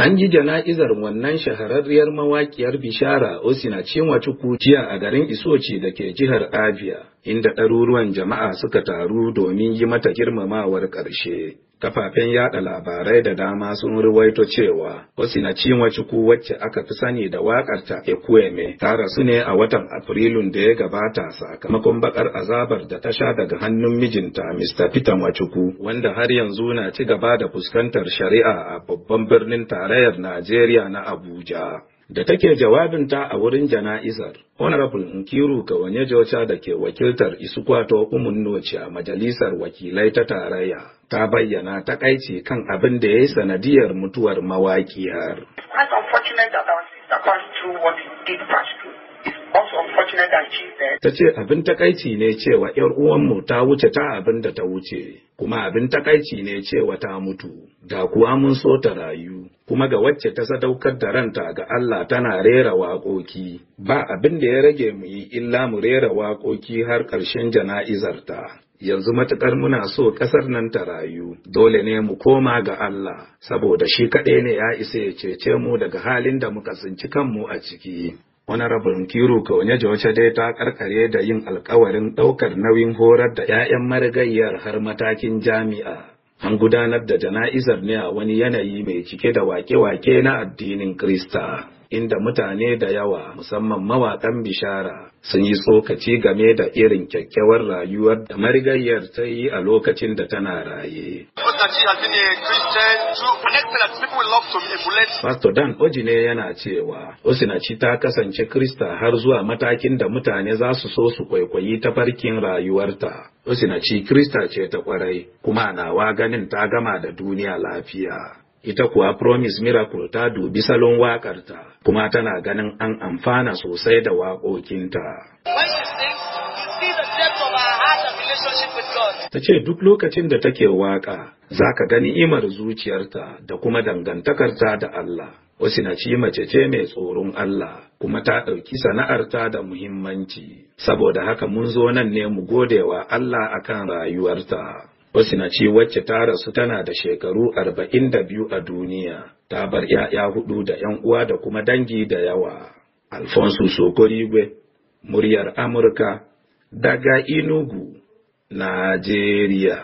An ji jana'izar wannan shahararriyar mawaƙiyar Bishara Osinachi Nwachukwu jiya a garin Isoci da ke jihar Abia. inda ɗaruruwan jama'a suka taru domin yi mata girmamawar ƙarshe. Kafafen yada labarai da dama sun ruwaito cewa wasu Hosina Cinwachukwu wacce aka fi sani da ta. Ekweme ta rasu ne a watan Afrilun da ya gabata sakamakon bakar azabar da ta sha daga hannun mijinta Mr. Peter Nwachukwu wanda har yanzu na ci gaba da fuskantar shari'a a babban birnin tarayyar Najeriya na Abuja. da take jawabinta a wurin jana'izar honorable nkiru kawanye jocha da ke wakiltar isukwato umunnoci a majalisar wakilai ta tarayya ta bayyana takaici kan abin da ya yi sanadiyar mutuwar mawaƙiyar Ta ce abin takaici ne cewa ‘yar uwanmu ta wuce ta abin da ta wuce, kuma abin takaici ne cewa ta mutu, da kuwa mun so ta rayu, kuma ga wacce ta sadaukar da ranta ga Allah tana rera waƙoƙi, ba abin da ya rage mu yi illa mu rera waƙoƙi har ƙarshen jana'izarta. Yanzu matuƙar muna so ƙasar nan ta rayu, dole ne mu koma ga Allah, saboda shi kaɗai ne ya isa ya cece mu daga halin da muka tsinci kanmu a ciki. wani rabin kiru kaune jawace dai ta karkare da yin alkawarin ɗaukar nauyin horar da 'ya'yan marigayyar har matakin jami'a an gudanar da jana'izar ne a wani yanayi mai cike da wake-wake na addinin Krista, inda mutane da yawa musamman mawaƙan bishara sun yi tsokaci game da irin kyakkyawar rayuwar da marigayyar ta yi a lokacin da tana raye. that has Pastor Dan Ojine yana cewa Osinachi ta kasance Krista har zuwa matakin da mutane za su so su kwaikwayi ta farkin rayuwarta. Osinachi Krista ce ta kwarai kuma nawa ganin ta gama da duniya lafiya. Ita kuwa Promise Miracle ta dubi salon waƙarta kuma tana ganin an amfana sosai da waƙoƙinta. When you see the depth of our Ta ce duk lokacin da take waƙa, za ka gani imar zuciyarta da kuma dangantakarta da Allah. Wasinaci mace ce mai tsoron Allah kuma ta ɗauki sana'arta da muhimmanci, saboda haka mun zo nan ne mu gode wa Allah a kan rayuwarta. wasu ci wacce ta rasu tana da shekaru arba'in da biyu a duniya, ta bar ‘ya'ya hudu da ‘yan uwa da kuma dangi da yawa. Alfonso Sokorigwe, muryar Amurka, daga Inugu, Najeriya.